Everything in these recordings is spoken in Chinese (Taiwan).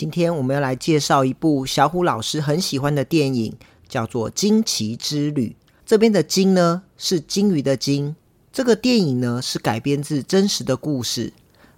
今天我們要來介紹一部小虎老師很喜歡的電影，叫做《鯨奇之旅》。這邊的呢“鯨”呢是鯨魚的“鯨”。這個電影呢是改編自真實的故事，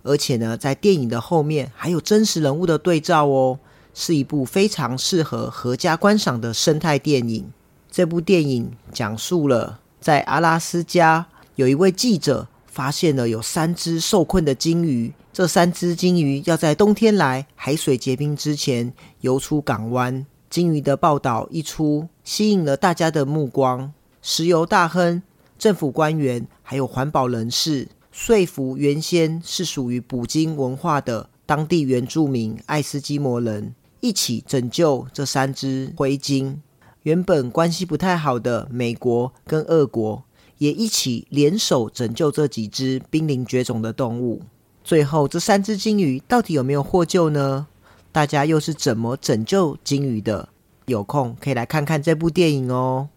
而且呢在電影的後面還有真實人物的對照哦，是一部非常適合合家觀賞的生態電影。這部電影講述了在阿拉斯加有一位記者發現了有三隻受困的鯨魚。這三隻鯨魚要在冬天來海水結冰之前游出港灣。鯨魚的報導一出，吸引了大家的目光。石油大亨、政府官員還有環保人士，說服原先是屬於捕鯨文化的當地原住民愛斯基摩人，一起拯救這三隻灰鯨。原本關係不太好的美國跟俄國，也一起聯手拯救這幾隻瀕臨絕種的動物。最後，這三只鯨魚到底有沒有獲救呢？大家又是怎麼拯救鯨魚的？有空可以來看看這部電影哦。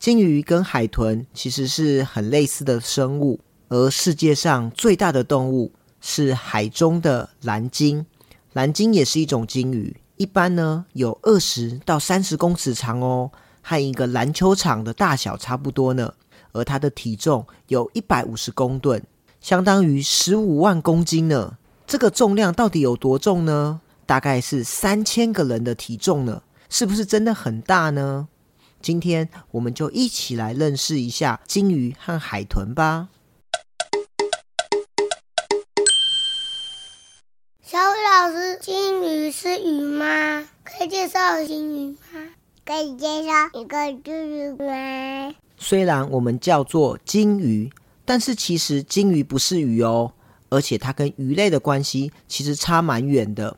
鯨魚跟海豚其實是很類似的生物，而世界上最大的動物是海中的藍鯨。藍鯨也是一種鯨魚，一般呢有二十到三十公尺長哦，和一個籃球場的大小差不多呢，而它的體重有一百五十公噸。相當於十五萬公斤呢，這個重量到底有多重呢？大概是三千個人的體重呢，是不是真的很大呢？今天我們就一起來認識一下鯨魚和海豚吧。小虎老師，鯨魚是魚嗎？可以介紹鯨魚嗎？可以介紹一個鯨魚嗎？雖然我們叫做鯨魚。但是其實鯨魚不是魚哦，而且它跟魚類的關係其實差蠻遠的。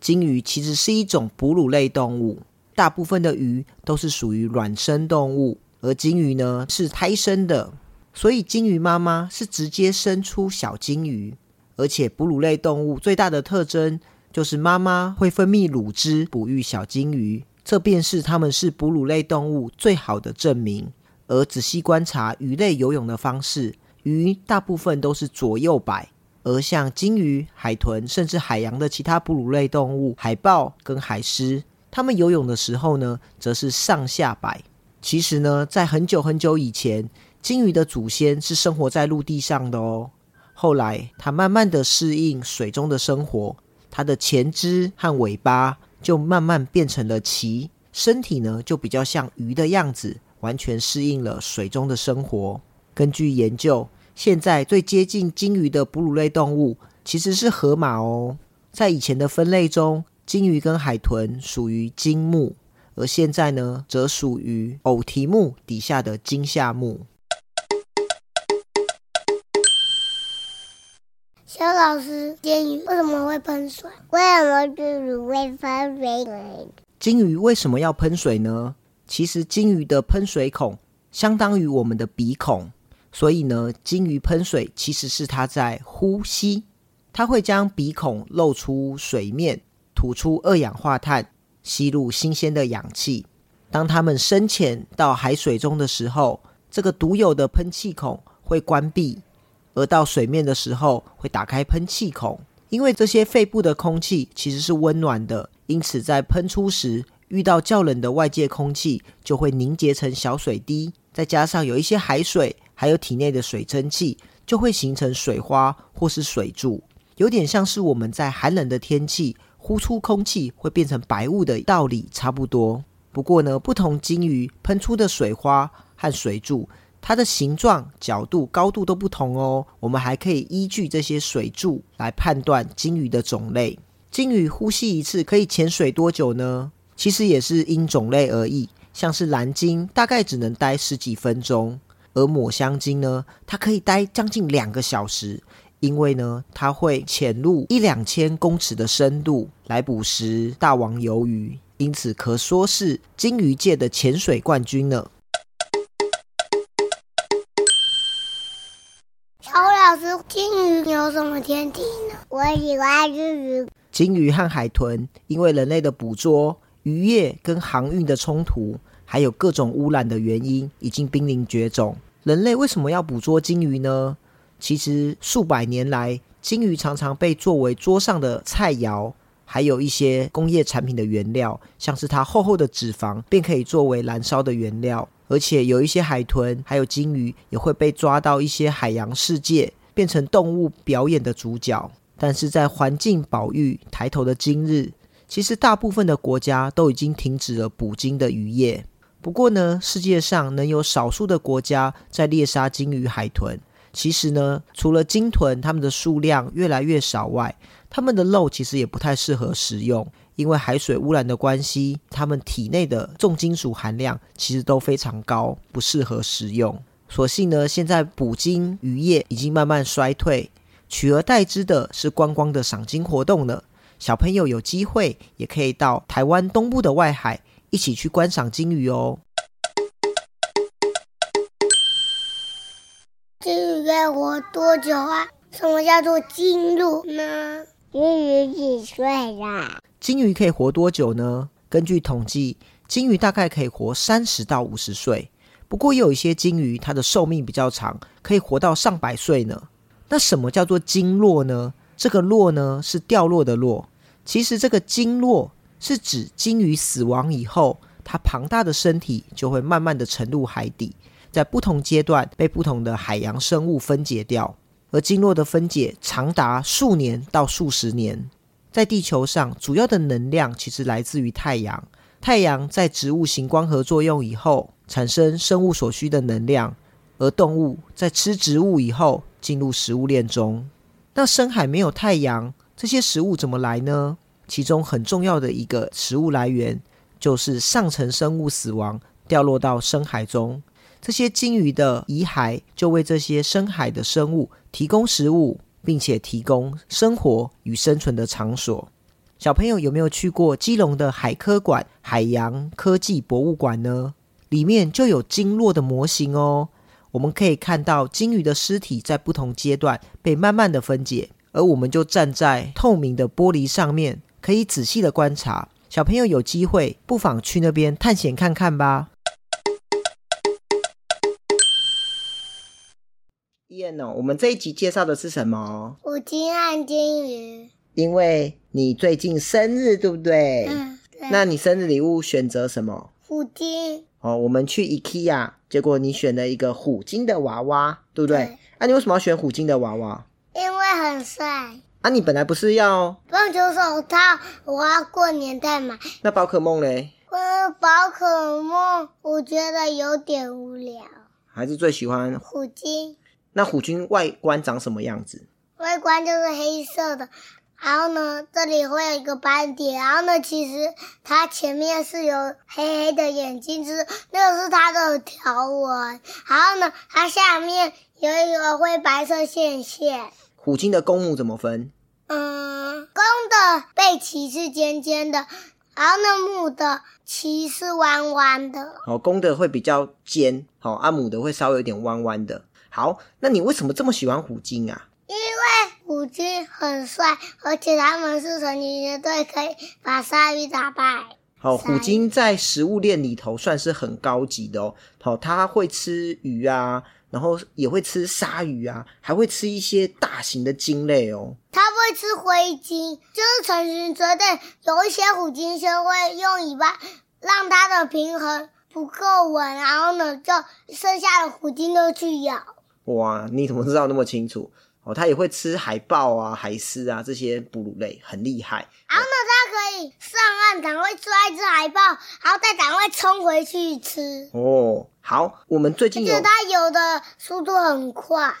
鯨魚其實是一種哺乳類動物，大部分的魚都是屬於卵生動物，而鯨魚呢是胎生的，所以鯨魚媽媽是直接生出小鯨魚。而且哺乳類動物最大的特徵就是媽媽會分泌乳汁哺育小鯨魚，這便是它們是哺乳類動物最好的證明。而仔細觀察魚類游泳的方式。魚大部分都是左右擺，而像鯨魚、海豚，甚至海洋的其他哺乳類動物，海豹跟海獅，它們游泳的時候呢，則是上下擺。其實呢，在很久很久以前，鯨魚的祖先是生活在陸地上的哦。後來，它慢慢地適應水中的生活，它的前肢和尾巴就慢慢變成了鰭，身體呢就比較像魚的樣子，完全適應了水中的生活。根據研究，現在最接近鯨魚的哺乳類動物其實是河馬哦。在以前的分類中，鯨魚跟海豚屬於鯨目，而現在呢，則屬於偶蹄目底下的鯨下目。小老師，鯨魚為什麼會噴水？為什麼鯨魚會噴水？噴水鯨魚為什麼要噴水呢？其實，鯨魚的噴水孔相當於我們的鼻孔。所以呢，鯨魚噴水其實是它在呼吸。它會將鼻孔露出水面，吐出二氧化碳，吸入新鮮的氧氣。當它們深潛到海水中的時候，這個獨有的噴氣孔會關閉；而到水面的時候，會打開噴氣孔。因為這些肺部的空氣其實是溫暖的，因此在噴出時遇到較冷的外界空氣，就會凝結成小水滴，再加上有一些海水。還有體內的水蒸氣就會形成水花或是水柱，有點像是我們在寒冷的天氣呼出空氣會變成白霧的道理差不多。不過呢，不同鯨魚噴出的水花和水柱，它的形狀、角度、高度都不同哦。我們還可以依據這些水柱來判斷鯨魚的種類。鯨魚呼吸一次可以潛水多久呢？其實也是因種類而異，像是藍鯨大概只能待十幾分鐘。而抹香鯨呢，它可以待將近兩個小時，因為呢，它會潛入一兩千公尺的深度來捕食大王魷魚，因此可說是鯨魚界的潛水冠軍呢。小虎老師，鯨魚有什麼天敵呢？我喜歡魚。鯨魚和海豚，因為人類的捕捉、漁業跟航運的衝突，還有各種污染的原因，已經瀕臨絕種。人類為什麼要捕捉鯨魚呢？其實數百年來，鯨魚常常被作為桌上的菜肴，還有一些工業產品的原料，像是它厚厚的脂肪便可以作為燃燒的原料。而且有一些海豚，還有鯨魚也會被抓到一些海洋世界，變成動物表演的主角。但是在環境保育抬頭的今日，其實大部分的國家都已經停止了捕鯨的漁業。不過呢，世界上能有少數的國家在獵殺鯨魚、海豚。其實呢，除了鯨豚它們的數量越來越少外，它們的肉其實也不太適合食用，因為海水污染的關係，它們體內的重金屬含量其實都非常高，不適合食用。所幸呢，現在捕鯨漁業已經慢慢衰退，取而代之的是觀光、光的賞鯨活動了。小朋友有機會也可以到台灣東部的外海。一起去觀賞鯨魚哦。鯨魚可以活多久啊？什麼叫做鯨落呢？鯨魚幾歲啦、啊、鯨魚可以活多久呢？根據統計，鯨魚大概可以活三十到五十歲，不過也有一些鯨魚，它的壽命比較長，可以活到上百歲呢。那什麼叫做鯨落呢？這個落呢，是掉落的落。其實這個鯨落。是指鯨魚死亡以後，它龐大的身體就會慢慢地沉入海底，在不同階段被不同的海洋生物分解掉，而鯨落的分解長達數年到數十年。在地球上，主要的能量其實來自於太陽，太陽在植物行光合作用以後，產生生物所需的能量，而動物在吃植物以後，進入食物鏈中。那深海沒有太陽，這些食物怎麼來呢？其中很重要的一個食物來源，就是上層生物死亡掉落到深海中，這些鯨魚的遺骸就為這些深海的生物提供食物，並且提供生活與生存的場所。小朋友有沒有去過基隆的海科館海洋科技博物館呢？裡面就有鯨落的模型哦。我們可以看到鯨魚的屍體在不同階段被慢慢地分解，而我們就站在透明的玻璃上面。可以仔細的觀察，小朋友有機會不妨去那邊探險看看吧。Ian，哦，我們這一集介紹的是什麼？虎鯨和鯨魚。因為你最近生日對不對？嗯，對。那你生日禮物選擇什麼？虎鯨。哦，我們去 IKEA，結果你選了一個虎鯨的娃娃，對不對？對。那，啊，你為什麼要選虎鯨的娃娃？因為很帥。啊，你本來不是要棒球手套？我要過年再買。那寶可夢嘞？呃，寶可夢，我覺得有點無聊。還是最喜歡虎鯨。那虎鯨外觀長什麼樣子？外觀就是黑色的，然後呢，這裡會有一個斑點。然後呢，其實它前面是有黑黑的眼睛，就是那個是它的條紋。然後呢，它下面有一個灰白色線線。虎鯨的公母怎麼分？嗯，公的背鰭是尖尖的，然後那母的鰭是彎彎的。哦，公的會比較尖，哦，阿母的會稍微有點彎彎的。好，那你為什麼這麼喜歡虎鯨啊？因為虎鯨很帥，而且他們是成群結隊，可以把鯊魚打敗。好、哦，魚虎鯨在食物鏈裡頭算是很高級的哦。好、哦，它會吃魚啊。然後也會吃鯊魚啊，還會吃一些大型的鯨類哦。它會吃灰鯨，就是成群結隊，有一些虎鯨先會用尾巴讓它的平衡不夠穩，然後呢，就剩下的虎鯨就去咬。哇，你怎麼知道那麼清楚？哦，它也會吃海豹啊、海獅啊這些哺乳類，很厲害。然後呢，它、哦、可以上岸，趕快會抓一隻海豹，然後再趕快衝回去吃。哦，好，我們最近有，而且它游的速度很快。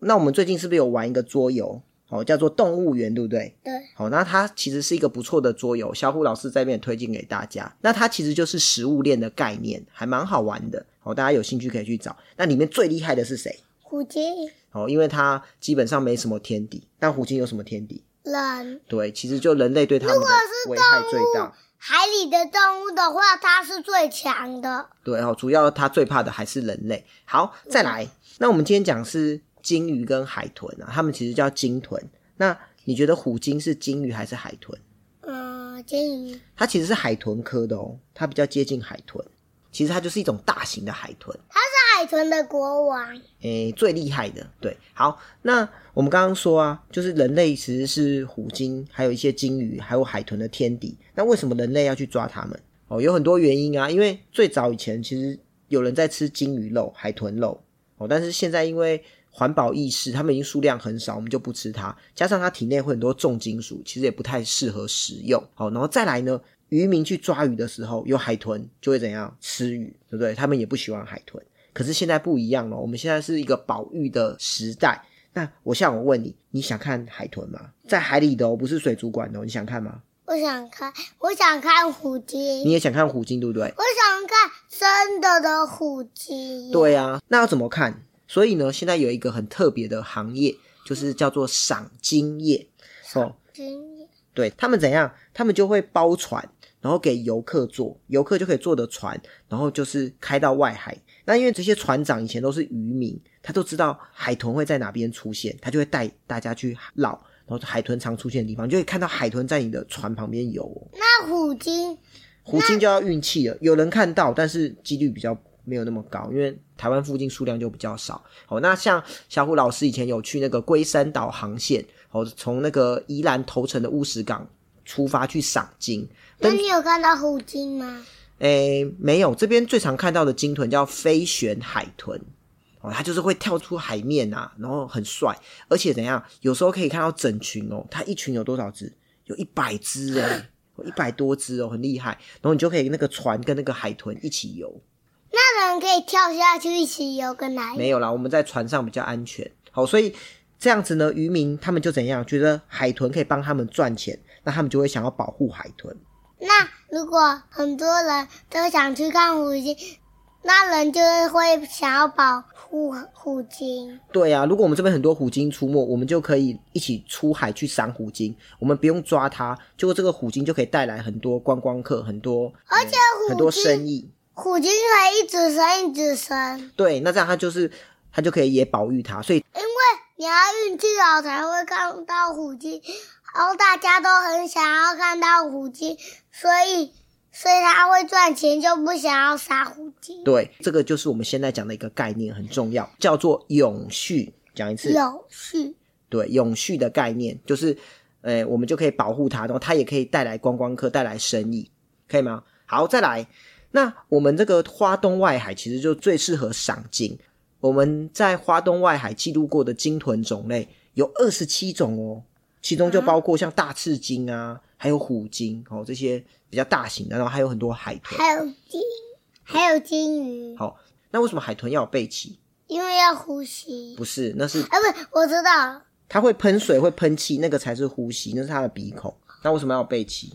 那我們最近是不是有玩一個桌遊？哦，叫做動物園，對不對？對。好、哦，那它其實是一個不錯的桌遊，小虎老師在面推薦給大家。那它其實就是食物鏈的概念，還蠻好玩的。好、哦，大家有興趣可以去找。那裡面最厲害的是誰？虎鯨哦，因為它基本上沒什麼天敵，但虎鯨有什麼天敵？人。對，其實就人類對它們的危害最大。海裡的動物的話，它是最強的。對哦，主要它最怕的還是人類。好，再來，嗯，那我們今天講是鯨魚跟海豚啊，它們其實叫鯨豚。那你覺得虎鯨是鯨魚還是海豚？嗯，鯨魚。它其實是海豚科的哦，它比較接近海豚，其實它就是一種大型的海豚。它海豚的國王，誒，最厲害的，對，好，那我們剛剛說啊，就是人類其實是虎鯨，還有一些鯨魚，還有海豚的天敵。那為什麼人類要去抓它們？哦，有很多原因啊。因為最早以前，其實有人在吃鯨魚肉、海豚肉，哦，但是現在因為環保意識，他們已經數量很少，我們就不吃它。加上它體內會很多重金屬，其實也不太適合食用。哦，然後再來呢，漁民去抓魚的時候，有海豚就會怎樣？吃魚，對不對？他們也不喜歡海豚。可是現在不一樣了，我們現在是一個保育的時代。那我現在我問你，你想看海豚嗎？在海裡的哦，不是水族館的哦，你想看嗎？我想看，我想看虎鯨。你也想看虎鯨，對不對？我想看真的的虎鯨。對啊，那要怎麼看？所以呢，現在有一個很特別的行業，就是叫做賞鯨業。賞鯨業，嗯，對，他們怎樣？他們就會包船。然後給遊客坐，遊客就可以坐的船，然後就是開到外海。那因為這些船長以前都是漁民，他都知道海豚會在哪邊出現，他就會帶大家去繞。然後海豚常出現的地方，你就會看到海豚在你的船旁邊遊哦。那虎鯨，虎鯨就要運氣了，那有人看到，但是幾率比較沒有那麼高，因為台灣附近數量就比較少。好，那像小虎老師以前有去那個龜山島航線，好，從那個宜蘭頭城的烏石港出發去賞鯨。但那你有看到虎鯨嗎？誒，沒有，這邊最常看到的鯨豚叫飛旋海豚哦，它就是會跳出海面吶、啊，然後很帥，而且怎樣，有時候可以看到整群哦，它一群有多少隻？有一百隻哎，一百多隻哦，很厲害。然後你就可以那個船跟那個海豚一起游，那人可以跳下去一起游跟哪裡？沒有啦，我們在船上比較安全。好、哦，所以這樣子呢，漁民他們就怎樣，覺得海豚可以幫他們賺錢，那他們就會想要保護海豚。那如果很多人都想去看虎鯨，那人就會想要保護虎鯨。虎對啊，如果我們這邊很多虎鯨出沒，我們就可以一起出海去賞虎鯨。我們不用抓它，結果這個虎鯨就可以帶來很多觀光客，很多，而且虎、嗯、很多生意。虎鯨可以一直生，一直生。對，那這樣它就是它就可以也保育它，所以因為你要運氣好才會看到虎鯨。然後、哦、大家都很想要看到虎鯨，所以所以他會賺錢，就不想要殺虎鯨。對，這個就是我們現在講的一個概念，很重要，叫做永續。講一次，永續。對，永續的概念就是，哎、呃，我們就可以保護它，然後它也可以帶來觀光客，帶來生意，可以嗎？好，再來。那我們這個花東外海其實就最適合賞鯨。我們在花東外海記錄過的鯨豚種類有二十七種哦。其中就包括像大翅鯨啊，啊還有虎鯨哦，這些比較大型的，然後還有很多海豚，還有鯨，還有鯨魚、嗯。好，那為什麼海豚要有背鰭？因為要呼吸？不是，那是，啊，不是，我知道，它會噴水，會噴氣，那個才是呼吸，那是它的鼻孔。那為什麼要有背鰭？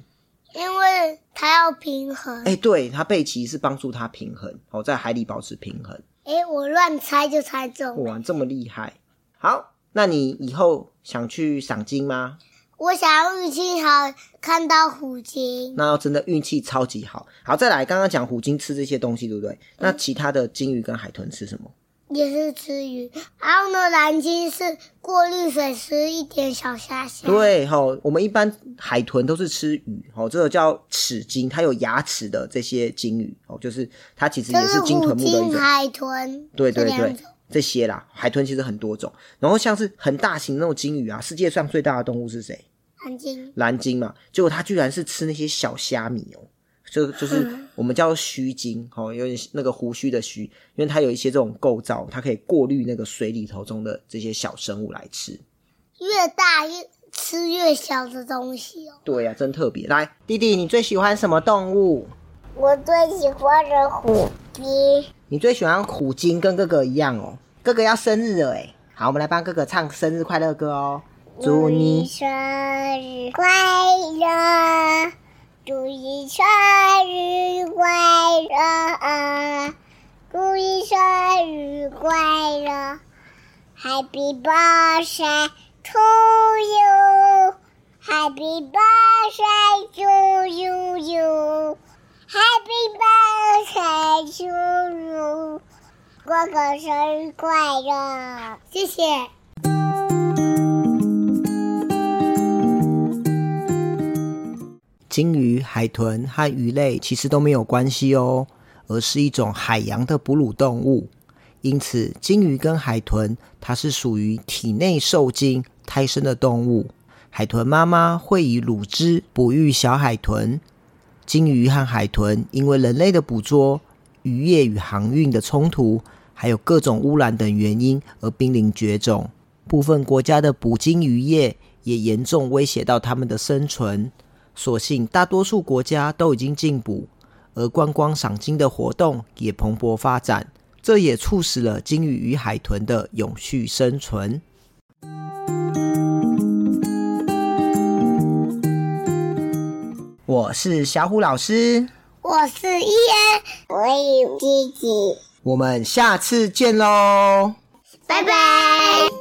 因為它要平衡。哎、欸，對，它背鰭是幫助它平衡，哦，在海裡保持平衡。哎、欸，我亂猜就猜中、欸、哇，這麼厲害，好。那你以後想去賞鯨嗎？我想要運氣好看到虎鯨。那要真的運氣超級好。好，再來，剛剛講虎鯨吃這些東西，對不對？嗯、那其他的鯨魚跟海豚吃什麼？也是吃魚。然後呢，藍鯨是過濾水，吃一點小蝦。對，吼、哦，我們一般海豚都是吃魚，吼、哦，這個叫齒鯨，它有牙齒的這些鯨魚，好、哦，就是它其實也是鯨豚目的是鯨、海豚。對對對。對這些啦，海豚其實很多種，然後像是很大型的那種鯨魚啊，世界上最大的動物是誰？藍鯨。藍鯨嘛，結果它居然是吃那些小蝦米哦，就是就是我們叫鬚鯨，嗯、哦，有點那個鬍鬚的鬚，因為它有一些這種構造，它可以過濾那個水裡頭中的這些小生物來吃。越大越吃越小的東西哦。對呀、啊，真特別。來，弟弟，你最喜歡什麼動物？我最喜歡的虎鯨。你最喜歡虎鯨，跟哥哥一樣哦。哥哥要生日了，哎，好，我們來幫哥哥唱生日快樂歌哦。祝你祝生日快樂，祝你生日快樂、啊、生日快樂，祝你生日快樂，祝生日快樂，Happy birthday to you，Happy birthday to you，you。叔叔，哥哥生日快樂！謝謝。鯨魚、海豚和魚類其實都沒有關係哦，而是一種海洋的哺乳動物。因此，鯨魚跟海豚它是屬於體內受精、胎生的動物。海豚媽媽會以乳汁哺育小海豚。鯨魚和海豚因為人類的捕捉。漁業與航運的衝突，還有各種污染等原因，而瀕臨絕種。部分國家的捕鯨漁業也嚴重威脅到他們的生存。所幸，大多數國家都已經禁捕，而觀光賞鯨的活動也蓬勃發展，這也促使了鯨魚與海豚的永續生存。我是小虎老師。我是伊恩，我也有弟弟，我們下次見嘍，拜拜。